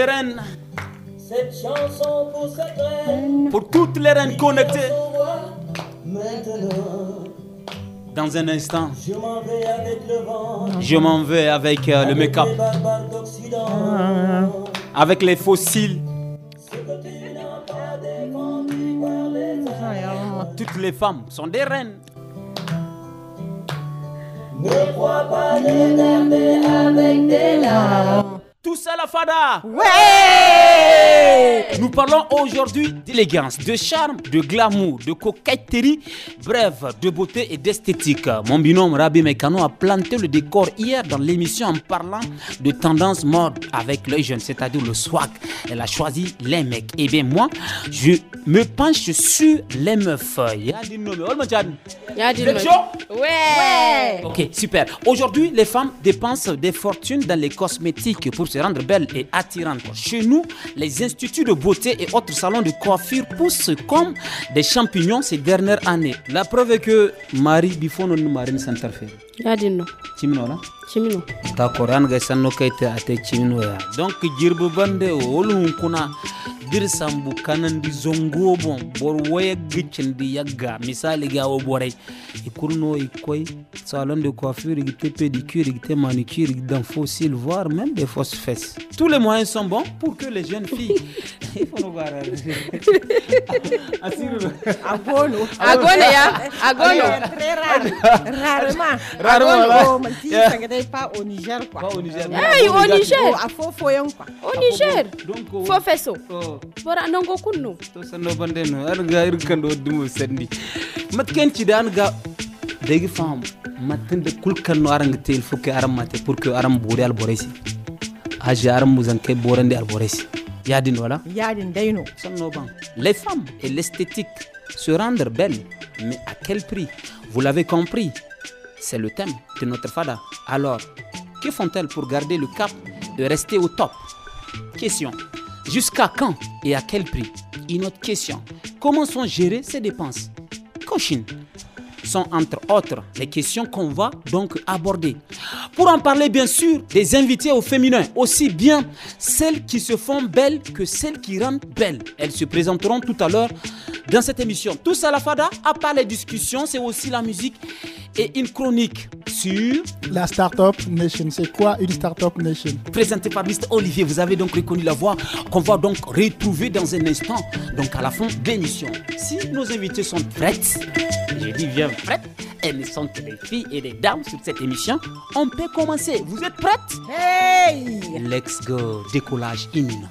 des reines. Cette chanson pour cette reine. Pour toutes les reines connectées. Maintenant. Dans un instant, je m'en vais avec le vent. Je m'en vais avec, euh, avec le make-up. Avec les fossiles. Toutes les femmes sont des reines. Ne crois pas les avec des larmes. Tout à la fada Ouais Nous parlons aujourd'hui d'élégance, de charme, de glamour, de coquetterie, bref, de beauté et d'esthétique. Mon binôme Rabbi Mekano a planté le décor hier dans l'émission en parlant de tendance mode avec l'œil jeune, c'est-à-dire le swag. Elle a choisi les mecs. Et eh bien moi, je me penche sur les meufs. Ouais Ok, super. Aujourd'hui, les femmes dépensent des fortunes dans les cosmétiques pour se rendre belle et attirante. Chez nous, les instituts de beauté et autres salons de coiffure poussent comme des champignons ces dernières années. La preuve est que Marie Bifono Marine s'interfère yadinno cimino la cimino d'accord yan ga sanno kayte ate cimino ya donc jirbe bande wol kuna dir sambu kanandi zongo bon bor waya gicindi yagga misali gawo wo boray ikurno salon de coiffure gite pédicure gite manicure faux fossile voire même des fausses fesses tous les moyens sont bons pour que les jeunes filles il faut ya Agono tu oh, pas au Niger quoi. Pas au Niger. Hey, au Niger. A quoi. Au Niger. Niger. Pour Niger. Au Niger. Au To Au bande no Niger. Au Niger. Au Niger. Au Niger. Au dan ga Niger. Au pour que aram Au Niger. Au Niger. Au Niger. borande al Niger. Yadin wala? Yadin dayno. Les femmes et l'esthétique se rendre belle, mais à quel prix Vous l'avez compris, c'est le thème de notre fada. Alors, que font-elles pour garder le cap de rester au top Question. Jusqu'à quand et à quel prix Une autre question. Comment sont gérées ces dépenses Cochine sont entre autres les questions qu'on va donc aborder. Pour en parler bien sûr des invités au féminin, aussi bien celles qui se font belles que celles qui rendent belles. Elles se présenteront tout à l'heure dans cette émission. Tout ça la fada, à part les discussions, c'est aussi la musique et une chronique sur la Startup Nation. C'est quoi une Startup Nation Présenté par Mr. Olivier, vous avez donc reconnu la voix qu'on va donc retrouver dans un instant, donc à la fin de l'émission. Si nos invités sont prêtes, je dis bien prêtes, elles sont les filles et les dames sur cette émission, on peut commencer. Vous êtes prêtes Hey Let's go, décollage imminent.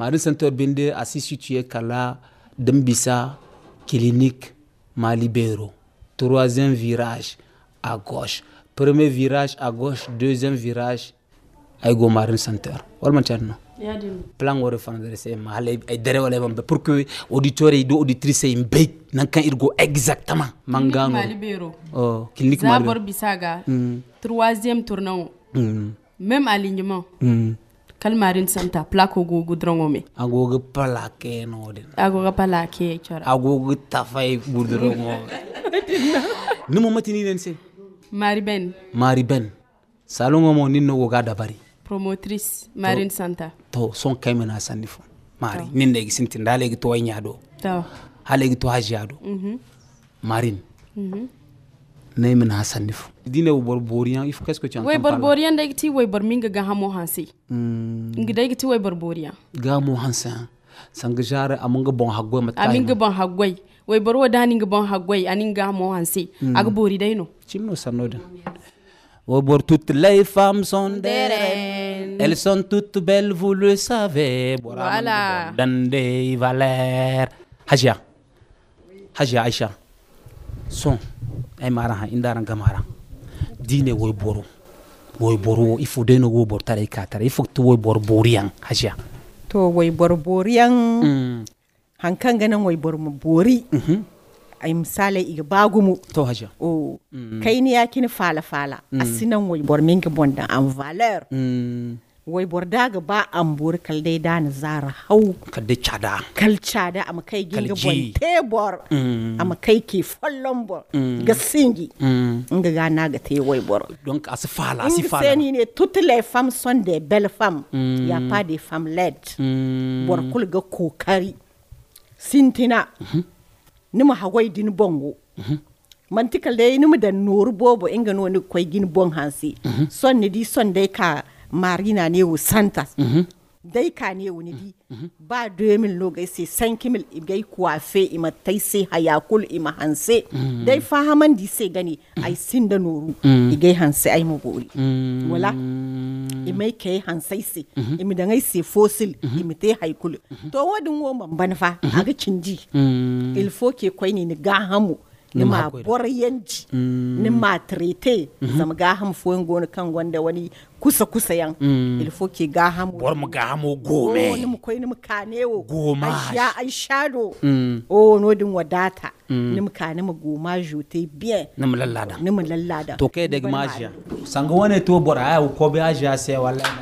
mari center a si situé kala dembissa clinique malibero troisième virage à gauche premier virage à gauche deuxième virage à go marine center walma ceerno plan wore fanadrese ma hala ay dere wala pour que auditeur et do auditrice e mbey nan kan irgo exactement mangano oh clinique malibero zabor bisaga hmm. troisième tournant hmm. même alignement hmm. Marine santa plako gogo drongo me agogo palake no de agogo palake chora agogo tafai e drongo. numo matini den se mari ben mari ben salongo mo ninno go gada bari promotrice Marine santa to son kaymena sandifo mari ninde gi sinti da legi to wanya do to halegi to mhm. marin mhm nay hasanifu. hasanni dine wo il faut qu'est-ce que tu entends way bor boriyan way minga ga hansi hmm. ngi da giti way bor boriyan ga jare amunga bon hagwai matai aminga bon hagwai way bor wada bon hagwai aninga hamo hansi hmm. aga chimno sanoda Oh, toutes les femmes sont des reines. Elles sont toutes belles, vous le savez. Voilà. Dandé, Valère. Hajia. Hajia, Aïcha. Son. ay mara ha indara gamara dine woy boru woy boru il faut de no bor tare ka tare il faut to woy bor boriyan hajiya to woy bor boriyan mm. hankan ganan woy bor mu bori mm -hmm. ay misale iga bagumu to haja o mm. kayni yakini fala fala mm. asinan woy bor mingi bonda am valeur mm. wai borda ga ba an bor kalde da ni zara hau kalde chada kal chada am kai ginga bon tebor mm. am kai ke fallon bor mm. ga singi mm. nga ga na ga te wai bor donc as fala as fala seni ne toutes les femmes sont des belles femmes il y a pas des femmes laides bor kul ga kokari sintina mm-hmm. ni ma hawai din bongo -hmm. mantikal ni ma dan nur bobo inga no ni koy gin bon hansi mm-hmm. son ne di son dai ka marinanewo santas mhm. dai ka ne wani di ba doye min ima tai hayakul ima hanse mhm. fahaman di se gani mhm. sin da noru igai hanse ai wala imai kai fossil imite tai to wadin wo man banfa aga il faut ke ni ga hamu ni ma boryanci mm. ni ma trete mhm. zama ga ham foyin gona kan gwanda wani kusa kusa yan mm. il faut que ga ham bor mu ga ham gome oh, ni mu koi ni mu kanewo goma ya ai shado mm. o oh, no din wadata ni mu kane mu goma jote bien ni mu lallada ni mu lallada to kai daga majia sanga wane to bor aya ko bi ajiya sai wallahi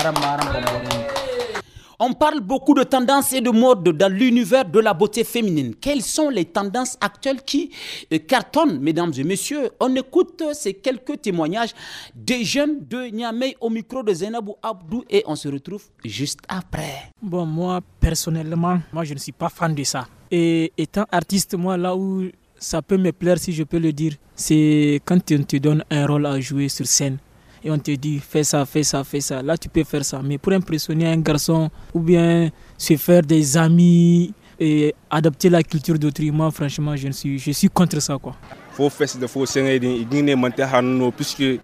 aram maram da bor On parle beaucoup de tendances et de mode dans l'univers de la beauté féminine. Quelles sont les tendances actuelles qui euh, cartonnent, mesdames et messieurs On écoute euh, ces quelques témoignages des jeunes de Niamey au micro de Zainabou Abdou et on se retrouve juste après. Bon, moi, personnellement, moi, je ne suis pas fan de ça. Et étant artiste, moi, là où ça peut me plaire, si je peux le dire, c'est quand on te donne un rôle à jouer sur scène et on te dit fais ça, fais ça, fais ça. Là, tu peux faire ça. Mais pour impressionner un garçon ou bien se faire des amis et adapter la culture d'autrui, moi, franchement, je suis, je suis contre ça. Quoi. Faut faire de faux puisque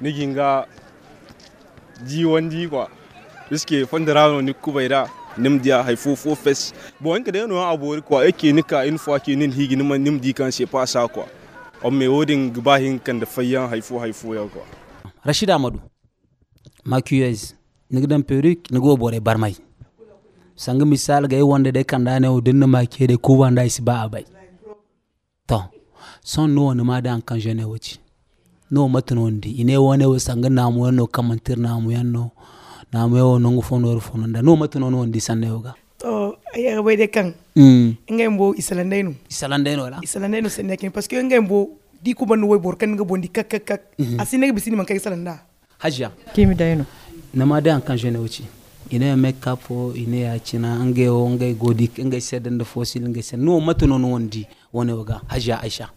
niginga ji wandi quoi puisque fondarano ni kubaira nimdi hay faut, faut fesse bon en kede no abori quoi e ke nika fois ke nin higi nima nimdi kan c'est pas ça quoi on me wodin gbahin kan da fayyan hay fo faut quoi rashid amadou macues nigdan perik nigo bore barmay sangi misal gay wonde de kanda o denna ma de ko wanda isi ba abay to son no no ma da an kan jene wati no matin wandi ine wane wo sangi namu no kamantir namu yanno namu yawo nongo fono ru fono da no matin wani wandi sanne yoga to ayaga bai de kan mm ngai mbo isalandai no la isalandeno no nekin parce que ngai mbo di ko ban wai kan nga bondi kak kak kak mhm. asine ga bisini man kay salan da kimi dayno na ma dayan kan je ne wuce ina ya make up ina ya cina an o yo godi ngai sedan da fossil ngai sen no matu non wondi woni waga hajiya aisha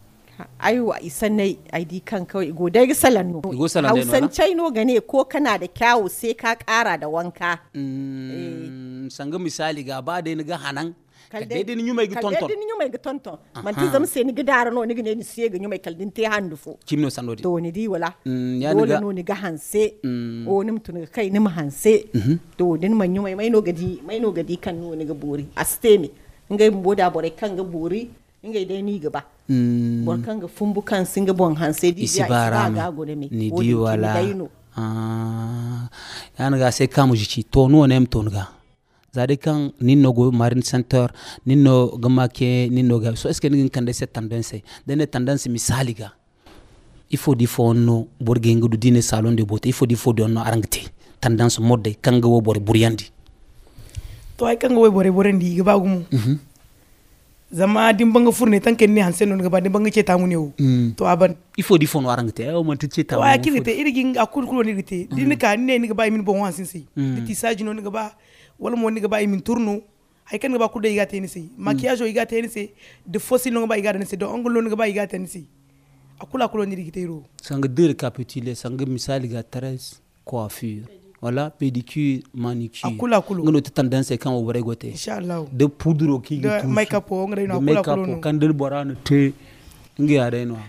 aiwa isan na ID kan kawai godai salan no hausan chaino gane ko kana da kyawu sai ka kara da wanka mm, eh. sanga misali ga ba dai ni ga hanan kala deydin ñumaygu tonton kala deydin ñumaygu tonton man ti zam seni gidara no ni gine ni siega ñumay kala te handu fo cimno sandodi to ni di wala wala mm, no ni ga hanse mm. o nim tun mhm. ni ma hanse to den ma ñumay may no gadi may no gadi kan no ni ga bori astemi ngay mboda bore kan ga bori ngay dai ni gaba mm. bor kan ga fumbu kan singa bon hanse di ah. ya ga go ni di wala ah ni ga sai kamuji jici to no ne mton ga zade kan ninno go marine center nino gama ke ninno ga so eske ce kan ngin kande cette tendance dene tendance misali ga il faut di fo no borge du dine salon de beauté il faut di fo do no arangte tendance mode kanga wo bor buryandi to ay kanga wo bor buryandi ga gumu mhm. zama di banga furne tang ken ne hansen non gaba din banga ce tamu ne to aban il faut di fon arang te o man te ce tamu wa kirite irigin akul kulo ni rite din mhm. ka ne ni gaba min bon sinsi, di mhm. ti saji non gaba wala mo niga ba min turnu hay kan ba kude iga tenisi maquillage iga tenisi de fosil nga ba iga tenisi de ongle nga ba iga tenisi akula kulo ni digitero sanga dire capitule sanga misali ga tres coiffure voilà pédicure manicure akula kulo ngono te tendance kan o bare inshallah de poudre ki de make up o ngre akula kulo make up kan del borano te ngi are no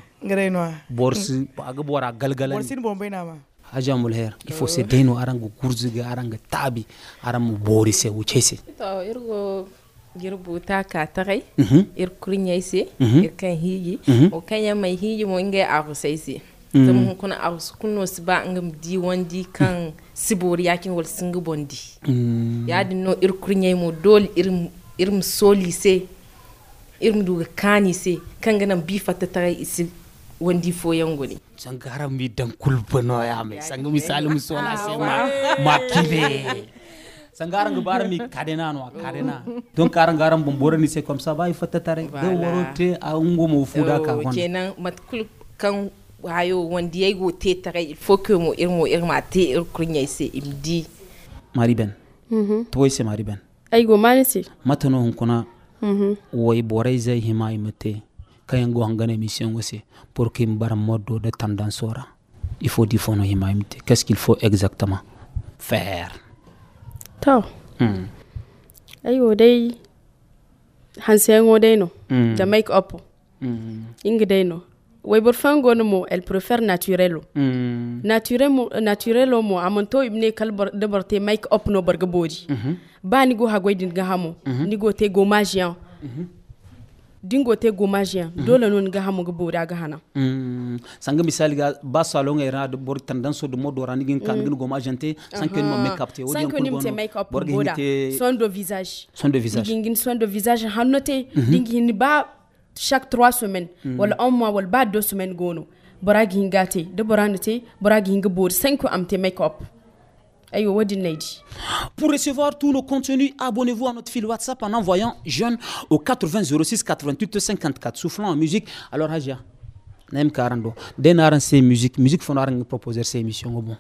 borsi aga bora galgalan borsi haja mulher e fosse deno arango kurziga arango tabi aramu borise wuchese to irgo girbuta ka tagai mhm. ir kurinyaise mhm. ir kan hiji mhm. o kanya mai hiji mo inga arusaise tam kuna arus kuno siba ngam di wandi kan sibori yakin wal singu bondi mm. ya dinno ir kurinyai mo dol irm irim solise irim duga kanise kan ganan bifa ta isi wandi foyan sangara mi dan kulbano ya mai sanga misali mi na ah, sai ma makile sangara bar mi kadena no kadena don karan garan bombora ni se comme ça ba fata tare da worote a ungo mu fuda ka wan kenan mat kul kan hayo wanda yayi go te tare il faut que mu irmo irma te irkunya se imdi mariben mhm toy se mariben ai go mani se matano hunkuna mhm wai borai zai himai mate kayan go hangane mission wose pour qu'il bar mode de tendance il faut défendre humanité qu'est-ce qu'il faut exactement faire taw mm. ayo dai hansengo dai no mm. make up mm. inga dai no way bor fango no mo elle préfère naturel mm. naturel mo naturel mo amonto ibne kal de borte make up no barga bodi mm -hmm. ni go ha goydin ga hamo mm -hmm. ni go te go mm -hmm dingo te gomaji yan mhm. dole no ga hamu ga bora ga hana mm. sanga misali ga ba salon ga e ira bor tendance so do modo ran mm. gin kan ngin gomaji te san ke no make up te wodi ko make up bora son de visage son de visage Gingin son de visage hanote dingi mhm. ni ba chaque 3 semaines mm. wala un mois wala ba 2 semaines gono bora gingate. de bora ne te bora gin et bor 5 am te make up pour recevoir tout le contenu, abonnez-vous à notre fil WhatsApp en envoyant jeune au 80 06 88 54. Soufflant en musique. Alors, Hajia, Naim Karando, Denaran, c'est musique. Musique, faut proposer ces émissions au bon.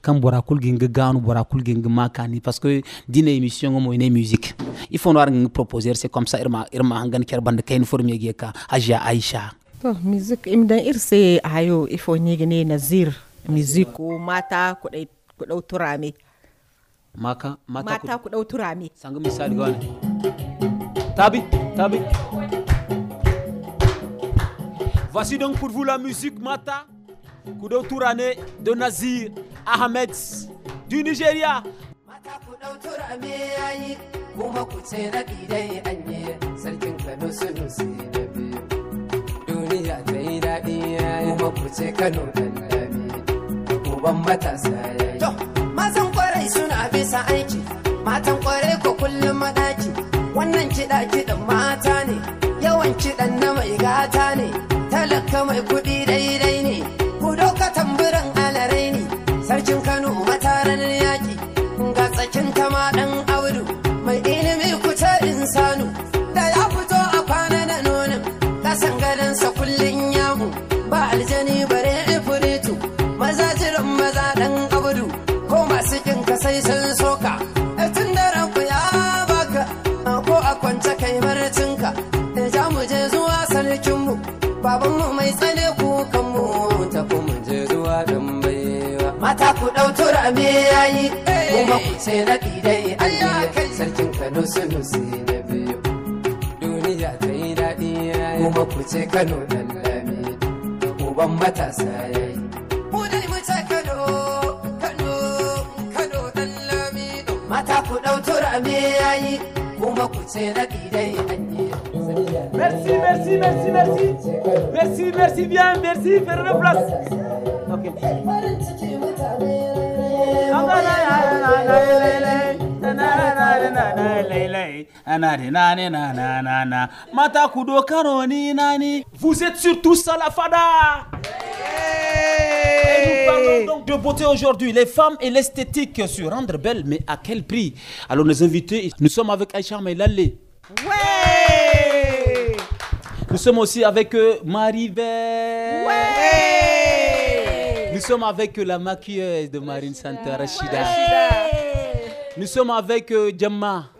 quand bora kul ginga ganu bora kul makani parce que dina émission mo une musique il faut noir proposer c'est comme ça irma irma hangan ker bande kayn formier gi ka haja aisha to musique il sait. ayo il faut ni gane nazir musique mata ko ku ɗau turame mata ku ɗau turame sanga misali wani tabi tabi Voici donc pour vous la musique Mata, Kudo Tourane de Nazir Ahmed du Nigeria. Mata Kudo Tourane yayi kuma ku ce na gidai anye sarkin Kano sunu sai na biyu. Duniya ta yi daɗi yayi kuma ku ce Kano da uban matasa To, mazan kwarai suna bisa aiki, matan kwarai ko kullum madaki. Wannan kiɗa kiɗan mata ne, yawan kiɗan na mai gata ne, talaka mai kuɗi daidai ne, ku ɗauka tamburan alarai ne, sarkin Kano mata ku ɗau tura yayi eh. kuma ku ce na sarkin Kano sunu sai na biyu duniya ta yi daɗi yayi kuma ku ce Kano uban mata ku na Merci, merci, merci, merci. Merci, merci bien, merci, place. Okay. Vous êtes surtout ça la fada. Et nous parlons donc de beauté aujourd'hui, les femmes et l'esthétique sur rendre belle, mais à quel prix Alors les invités, nous sommes avec Aïcha Maïlalé. Ouais Nous sommes aussi avec Marie-Belle. Ouais nous sommes avec la maquilleuse de Marine Center, Rachida. Nous sommes avec euh, Djamma.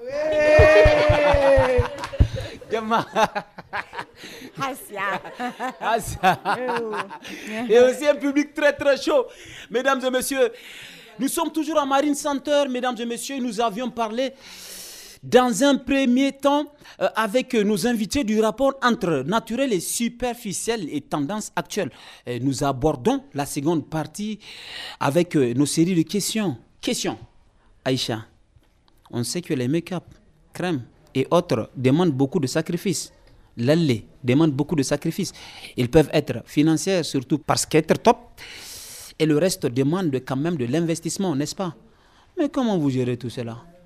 Oh. et aussi un public très très chaud. Mesdames et messieurs, nous sommes toujours à Marine Center, mesdames et messieurs, nous avions parlé dans un premier temps, euh, avec nos invités du rapport entre naturel et superficiel et tendance actuelle, nous abordons la seconde partie avec euh, nos séries de questions. Question, Aïcha, on sait que les make-up, crèmes et autres demandent beaucoup de sacrifices. L'allée demande beaucoup de sacrifices. Ils peuvent être financiers, surtout parce qu'être top, et le reste demande quand même de l'investissement, n'est-ce pas Mais comment vous gérez tout cela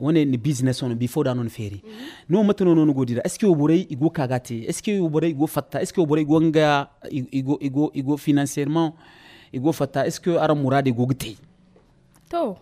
wone ni business on before da non feri no matano non godira est ce que oborey igo kagati? est ce que oborey igo fatta est ce que oborey igo nga igo igo igo financièrement igo fatta est ce que ara murade go gite to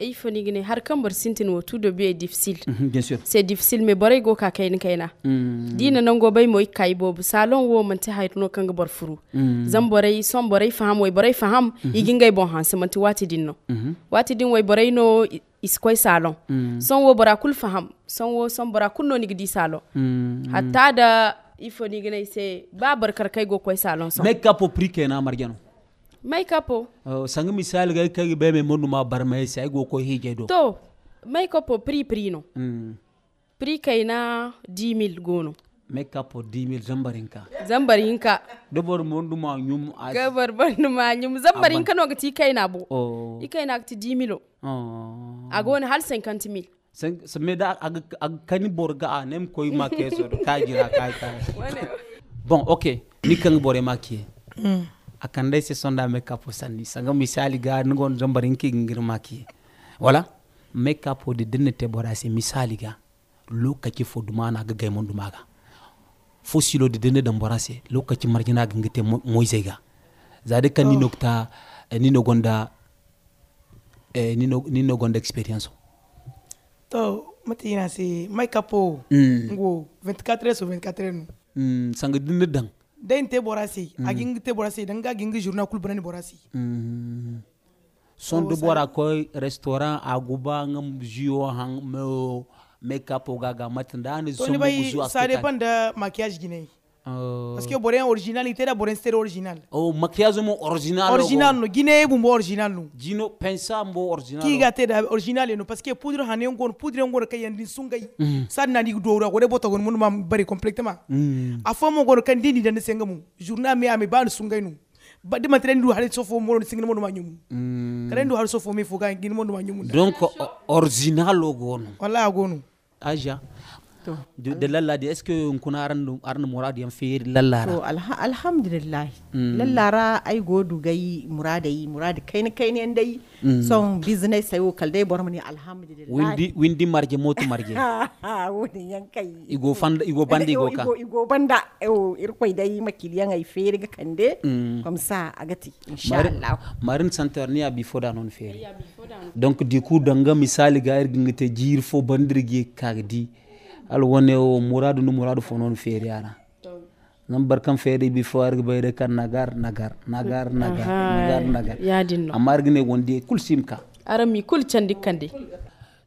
il faut ni gine har kambar bar sintin wo tout début est difficile mhm, bien sûr c'est difficile mais borey go ka kayna mm. dina nan go bay moy kay bobu salon wo man ti haytno kan bar furu mm. zam borey son borey faham way faham mhm. bon han se man ti wati dinno mhm. wati din way borey no Is salon mm. son wo bora kul faham son wo son bora kul salon mm. hatta da ifo nigna ise ba go koy salon son make up pri kena marjano make up uh, oh, sanga misal ga kai be me ma bar mai sai go do to pri no mm. pri 10000 make up for zambarinka zambarinka dabar monduma nyum a gabar banduma nyum zambarinka no gati kaina na bo oh ikai na gati dimilo oh agon hal 50000 mil se me da ag kani borga anem koy make so ka jira ka bon ok ni kan bore make hmm. akan dai se sonda make up sanni sanga misali ga ngon zambarinki ngir Voilà. wala make up for de dinne te borase misali ga lokaci fo dumana ga gaimon dumaga fossilo de dene dambara se lokacin marjina te moise za oh. eh, gonda eh, nino, gonda experience to matina si mai kapo 24 hmm. heures sur 24 no hmm, sanga te borasi te borasi journal borasi hmm, son oh, de restaurant aguba ngam jio hang mo make-up ogaga matanda ne so mugu zuwa ça dépend da maquillage gine Uh, parce que boren original itera boren stere original oh maquillage mo original oh. original no guiné bu original no dino pensa original ki oh. ga te da original no parce que poudre hanen gon poudre gon kay yandi sungay mm. sad nani do ra gore bota gon mun bari complètement mm. a fo mo gon kan dini dan senga mu journal mi ami, ban sungai no ba de matren du hare sofo mo singe mo ma nyum mm. karen du hare sofo me fuga ngin mo ma nyumu. donc original gon wala gon haja ah, De, la lallade est ce que on aran arna murad yan fer lallara to alhamdulillah mm. lallara ai godu gai muradai murad kaini kaini en dai mm. son business ayo kal dai bor windi windi marje motu marje windi yan kai igo fanda igo bandi igo ka igo banda o irkoi dai makiliyan ay fer ga kande comme mm. ça agati inshallah marin santar ni abi non fer donc du coup danga misali gaer irgin te jir fo bandrigi kagdi arami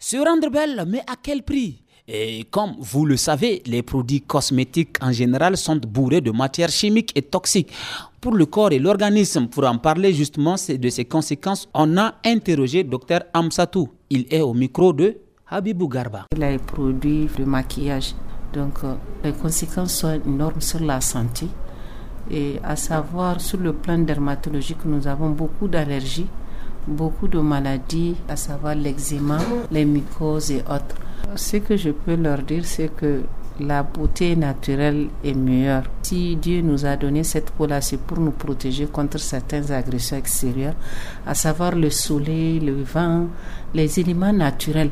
se rendre belle mais à quel prix et comme vous le savez, les produits cosmétiques en général sont bourrés de matières chimiques et toxiques pour le corps et l'organisme. Pour en parler justement de ses conséquences, on a interrogé Dr Amsatou. Il est au micro de Habibou Garba. Il a produit le maquillage. Donc, euh, les conséquences sont énormes sur la santé. Et à savoir, sur le plan dermatologique, nous avons beaucoup d'allergies, beaucoup de maladies, à savoir l'eczéma, les mycoses et autres. Ce que je peux leur dire, c'est que la beauté naturelle est meilleure. Si Dieu nous a donné cette peau-là, c'est pour nous protéger contre certaines agressions extérieures, à savoir le soleil, le vent, les éléments naturels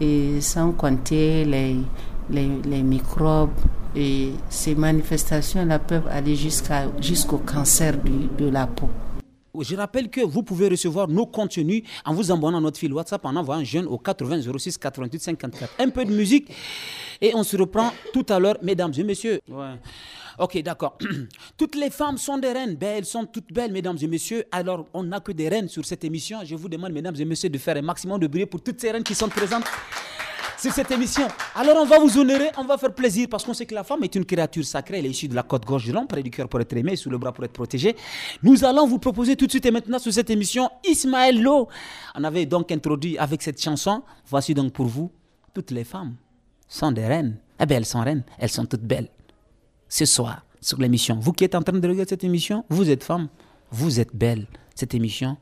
et sans compter les, microbes. Et ces manifestations-là peuvent aller jusqu'à, jusqu'au cancer de la peau. Je rappelle que vous pouvez recevoir nos contenus en vous abonnant à notre fil WhatsApp en envoyant jeune au 80 06 88 54. Un peu de musique et on se reprend tout à l'heure, mesdames et messieurs. Ok, d'accord. toutes les femmes sont des reines. Ben, elles sont toutes belles, mesdames et messieurs. Alors, on n'a que des reines sur cette émission. Je vous demande, mesdames et messieurs, de faire un maximum de bruit pour toutes ces reines qui sont présentes sur cette émission. Alors on va vous honorer, on va faire plaisir parce qu'on sait que la femme est une créature sacrée. Elle est issue de la côte gauche de près du cœur pour être aimée, sous le bras pour être protégée. Nous allons vous proposer tout de suite et maintenant sur cette émission Ismaël Lo. On avait donc introduit avec cette chanson. Voici donc pour vous toutes les femmes sont des reines. Eh bien, elles sont reines, elles sont toutes belles ce soir sur l'émission. Vous qui êtes en train de regarder cette émission, vous êtes femme, vous êtes belle. Cette émission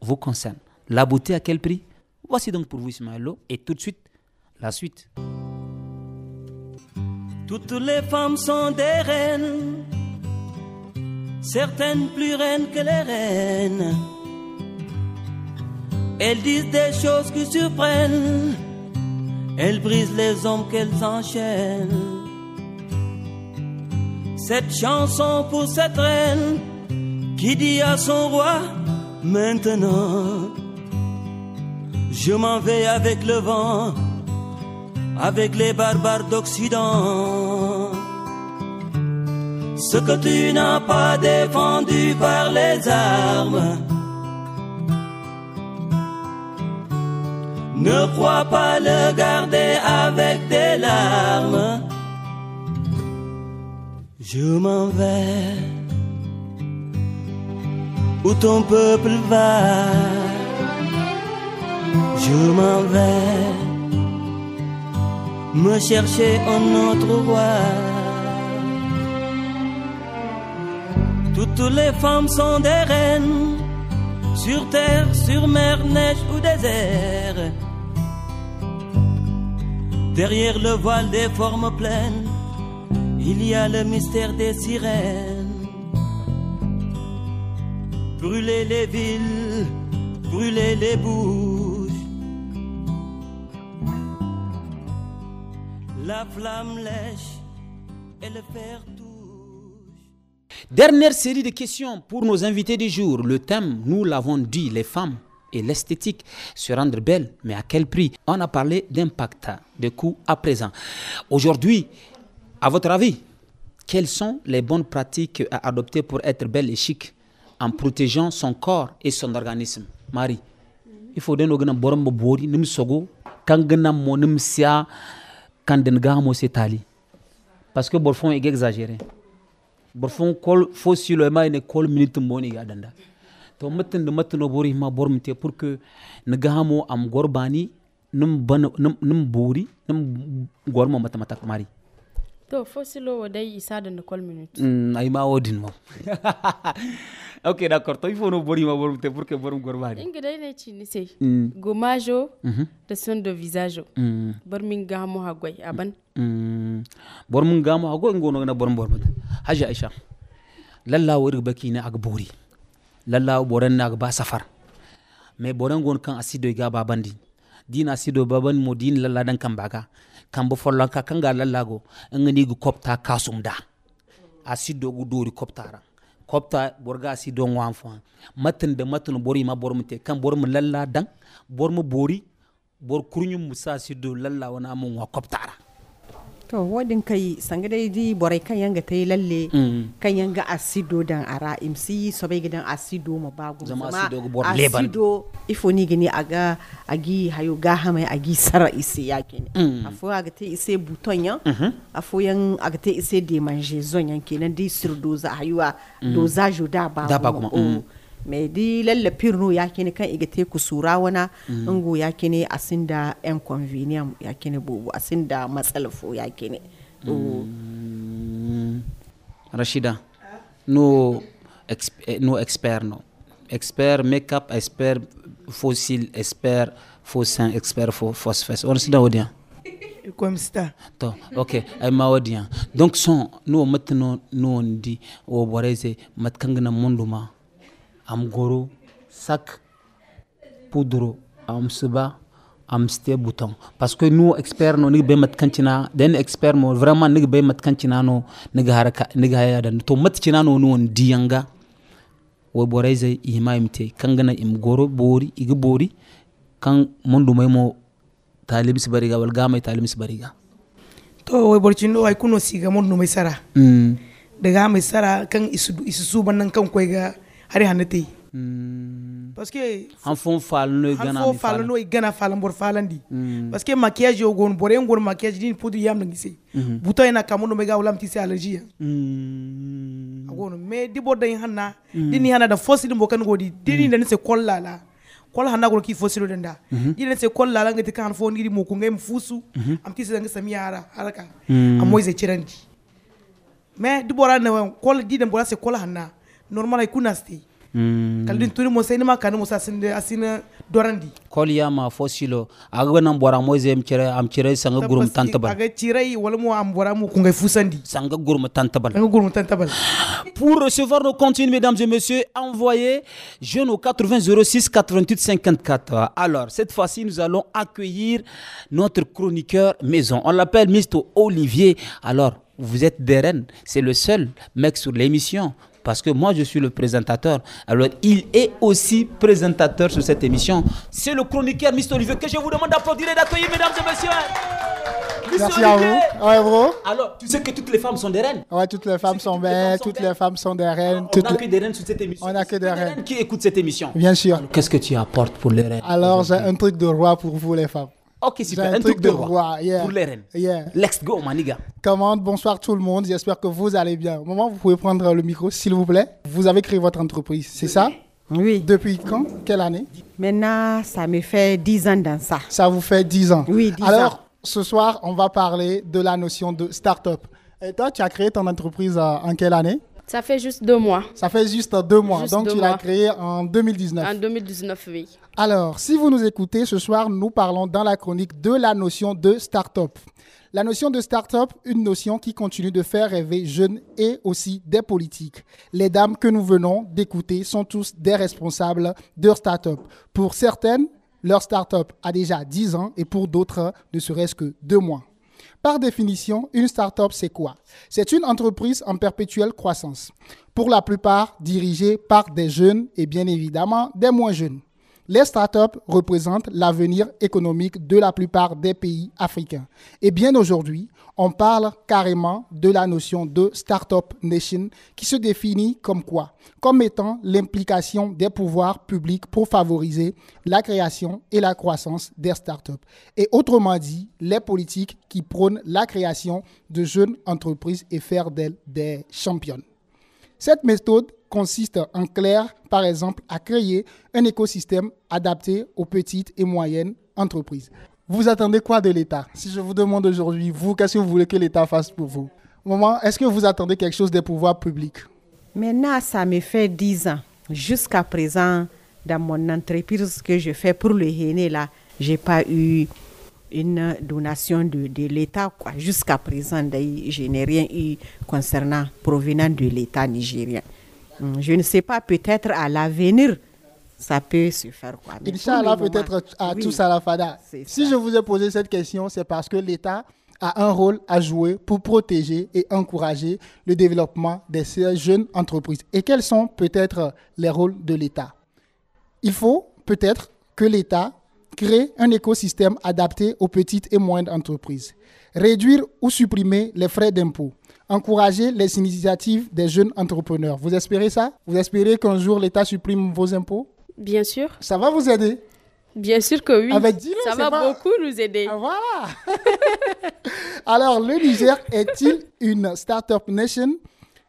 vous concerne. La beauté à quel prix Voici donc pour vous Ismaëlo et tout de suite la suite. Toutes les femmes sont des reines, certaines plus reines que les reines. Elles disent des choses qui surprennent, elles brisent les hommes qu'elles enchaînent cette chanson pour cette reine qui dit à son roi maintenant, je m'en vais avec le vent, avec les barbares d'Occident. Ce que tu n'as pas défendu par les armes, ne crois pas le garder avec tes larmes. Je m'en vais où ton peuple va. Je m'en vais me chercher un autre roi. Toutes les femmes sont des reines, sur terre, sur mer, neige ou désert. Derrière le voile des formes pleines il y a le mystère des sirènes. Brûler les villes, brûler les bouches. La flamme lèche et le touche. Dernière série de questions pour nos invités du jour. Le thème, nous l'avons dit, les femmes et l'esthétique, se rendre belle, mais à quel prix On a parlé d'impact, de coût à présent. Aujourd'hui, à votre avis, quelles sont les bonnes pratiques à adopter pour être belle et chic en protégeant son corps et son organisme Marie, il faut donner borom bo bori, nim sogo, kangana mo nim sia, kandenga mo setali. Parce que Borfon est exagéré. Borfon kol faut sur le ma ne kol minute moni ga danda. To matin de matin bori ma bormte pour que nga mo am gorbani nim ban nim bori nim gormo matamata Marie to fo silowo day i sadande kol minute mm, ay ma wodin mom ok d'accord to il faut no borima borumte pour que borum gormani inga day ne cini sey mm. gommage o mhm. da son de visage o mm. bor min gamo ha goy aban bor min gamo ha goy ngono na borum bormata haji aisha lalla wori baki na ag bori lalla boran na ag ba safar mais boran gon kan asido ga babandi dina sido babandi mo din lalla dan kan baga kambo bu kanga ka kan lallago ngani gu kopta kasumda asido gu dori koptaran kopta borga asido ngwa anfan Matin de matun bori ma bor mute kan bor lalla dan bor bori bor musa asido lalla wana wa koptara to wadin kai dai di borai kan yanga ta yi lalle mm. kan yanga asido dan ara imsi so bai gidan asido ma bagu zama asido bor leban asido ifo ni gini aga agi hayo ga hamai agi sara isi ya ne mm. afo aga te isi buton yan mm-hmm. afo yan aga te isi de manje zon yan kenan di sur doza hayuwa mm. doza joda ba da ba kuma mai di lallafin ru ya kini kan igite kusura wana ingu mhm. ya kini asinda inconvenient ya kini bubu asinda matsalfo ya kini mhm. rashida no eh, no expert no expert make-up expert fossile expert fossin expert phosphate on sida odia comme ça to ok ay ma odia hein. donc son no maintenant no di wo na matkangna munduma Am-goro, sac, poudre, am-seba, amste bouton parce que nous expert no ni be mat kancina den expert mo vraiment ni be mat kancina no ni haraka ni haya da to mat cina no no diyanga wo borai zai ima imte kangana im goro bori igi bori kan mondu mai mo talibis bariga wal ga mai talibis bariga to wo borci no ai kuno siga mondu may sara hmm de mai sara kan isu isu suban nan kan koy ga hari hanete mm. parce que han fon falno e gana han fon falno e gana falan bor falandi mm. parce que maquillage yo gon bor en gon maquillage din podu yam ngise mm -hmm. buto ina e kamuno mega ulam ti se allergie hein. mm. agon me di bodda hanna mm. dini hanna da fosi din bokan godi dini mm. dan se kollala kola handa gona ki fosiro denda mm -hmm. se kolla langa te kan fo ngiri mo kungai mfusu fusu -hmm. amti hmm. se danga samia ara haraka mm. amoize chirandi me dibora na kola di dan bora se kola hanna normal ai kunasti stay kalidin turi mo sai ma kanu musa sin da asina dorandi koliya ma fosilo aga ah, nan bora mo zem cire am cire sanga gurum tantabal aga cire wala mo am bora mo kungai fusandi sanga gurum tantabal sanga gurum pour recevoir nos contenus mesdames et messieurs envoyez jeune au 80 06 88 54 alors cette fois-ci nous allons accueillir notre chroniqueur maison on l'appelle Mr Olivier alors vous êtes des reines, c'est le seul mec sur l'émission. Parce que moi, je suis le présentateur. Alors, il est aussi présentateur sur cette émission. C'est le chroniqueur Mr. Olivier que je vous demande d'applaudir et d'accueillir, mesdames et messieurs. Merci à vous. Alors, tu sais que toutes les femmes sont des reines. Ouais, toutes les femmes sont belles, toutes les femmes sont des reines. on n'a que des reines sur cette émission. On n'a que des, des reines. qui écoutent cette émission. Bien sûr. Qu'est-ce que tu apportes pour les reines Alors, j'ai un truc de roi pour vous, les femmes. Ok, super. Un, truc, de, roi. Pour les Let's go, mon maniga. Comment Bonsoir tout le monde. J'espère que vous allez bien. Au moment, où vous pouvez prendre le micro, s'il vous plaît. Vous avez créé votre entreprise, c'est ça Oui. Depuis quand Quelle année Maintenant, ça me fait 10 ans dans ça. Ça vous fait 10 ans Oui, 10 Alors, ce soir, on va parler de la notion de start-up. Et toi, tu as créé ton entreprise euh, en quelle année ça fait juste deux mois. Ça fait juste deux mois. Donc tu l'as créé en 2019. En 2019, oui. Alors, si vous nous écoutez, ce soir, nous parlons dans la chronique de la notion de start-up. La notion de start-up, une notion qui continue de faire rêver jeunes et aussi des politiques. Les dames que nous venons d'écouter sont tous des responsables de start-up. Pour certaines, leur start-up a déjà 10 ans et pour d'autres, ne serait-ce que deux mois. Par définition, une start-up, c'est quoi C'est une entreprise en perpétuelle croissance, pour la plupart dirigée par des jeunes et bien évidemment des moins jeunes les startups représentent l'avenir économique de la plupart des pays africains. Et bien aujourd'hui, on parle carrément de la notion de Startup Nation qui se définit comme quoi Comme étant l'implication des pouvoirs publics pour favoriser la création et la croissance des startups. Et autrement dit, les politiques qui prônent la création de jeunes entreprises et faire d'elles des champions. Cette méthode consiste en clair, par exemple, à créer un écosystème adapté aux petites et moyennes entreprises. Vous attendez quoi de l'État Si je vous demande aujourd'hui, vous, qu'est-ce que vous voulez que l'État fasse pour vous Maman, est-ce que vous attendez quelque chose des pouvoirs publics Maintenant, ça me fait 10 ans. Jusqu'à présent, dans mon entreprise que je fais pour le Héné, là, j'ai pas eu une donation de, de l'État. Jusqu'à présent, je n'ai rien eu concernant, provenant de l'État nigérien. Hmm, je ne sais pas, peut-être à l'avenir, ça peut se faire. Quoi. Inch'Allah, peut-être à tous à la FADA. Si je vous ai posé cette question, c'est parce que l'État a un rôle à jouer pour protéger et encourager le développement de ces jeunes entreprises. Et quels sont peut-être les rôles de l'État Il faut peut-être que l'État créer un écosystème adapté aux petites et moyennes entreprises, réduire ou supprimer les frais d'impôt, encourager les initiatives des jeunes entrepreneurs. Vous espérez ça Vous espérez qu'un jour l'État supprime vos impôts Bien sûr. Ça va vous aider Bien sûr que oui. Avec ça va beaucoup nous aider. Ah, voilà. Alors, le Niger est-il une startup nation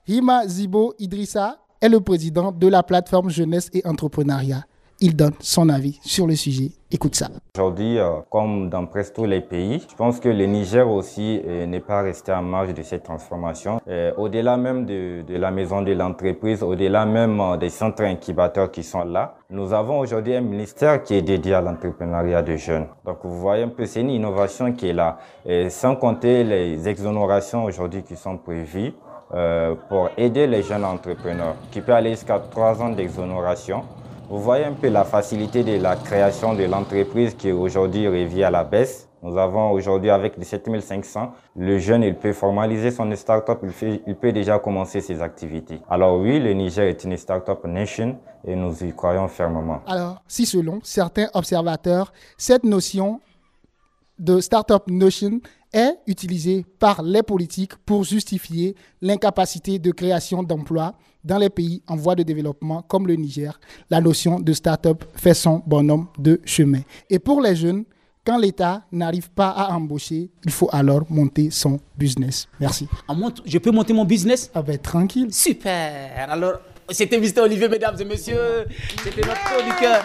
Hima Zibo Idrissa est le président de la plateforme Jeunesse et Entrepreneuriat il donne son avis sur le sujet. Écoute ça. Aujourd'hui, euh, comme dans presque tous les pays, je pense que le Niger aussi euh, n'est pas resté en marge de cette transformation. Euh, au-delà même de, la maison de l'entreprise, au-delà même des centres incubateurs qui sont là, nous avons aujourd'hui un ministère qui est dédié à l'entrepreneuriat des jeunes. Donc vous voyez un peu, c'est une innovation qui est là. sans compter les exonérations aujourd'hui qui sont prévues. pour aider les jeunes entrepreneurs qui peut aller jusqu'à trois ans d'exonération vous voyez un peu la facilité de la création de l'entreprise qui aujourd'hui revient à la baisse. Nous avons aujourd'hui avec les 7500, le jeune il peut formaliser son startup, il, il peut déjà commencer ses activités. Alors oui, le Niger est une start-up nation et nous y croyons fermement. Alors, si selon certains observateurs, cette notion de start-up nation est utilisé par les politiques pour justifier l'incapacité de création d'emplois dans les pays en voie de développement comme le Niger. La notion de start-up fait son bonhomme de chemin. Et pour les jeunes, quand l'État n'arrive pas à embaucher, il faut alors monter son business. Merci. Je peux monter mon business Ah ben tranquille. Super. Alors c'était Mr. Olivier, mesdames et messieurs. C'était notre chroniqueur.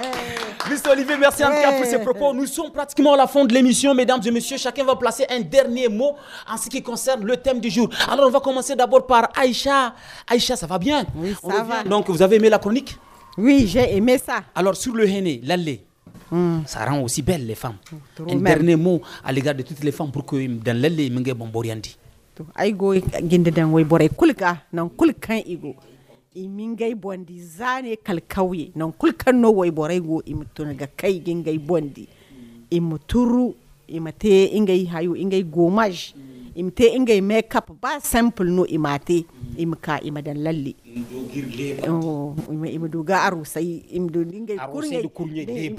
Mr. Olivier, merci en pour ces propos. Nous sommes pratiquement à la fin de l'émission, mesdames et messieurs. Chacun va placer un dernier mot en ce qui concerne le thème du jour. Alors, on va commencer d'abord par Aïcha. Aïcha, ça va bien Oui, ça va. Donc, vous avez aimé la chronique Oui, j'ai aimé ça. Alors, sur le henné, l'allée. Hmm. Ça rend aussi belle les femmes. un dernier mot à l'égard de toutes les femmes pour que dans l'allée, ne go bondi zane kalkauye nan kulkanno waiboraigo imutunaga kai bondi imuturu imate ingai hayo ingai gomage imte ingai up ba simple no imate imka imadan lalle oh, ima doga aro sai imdo ingai kurnye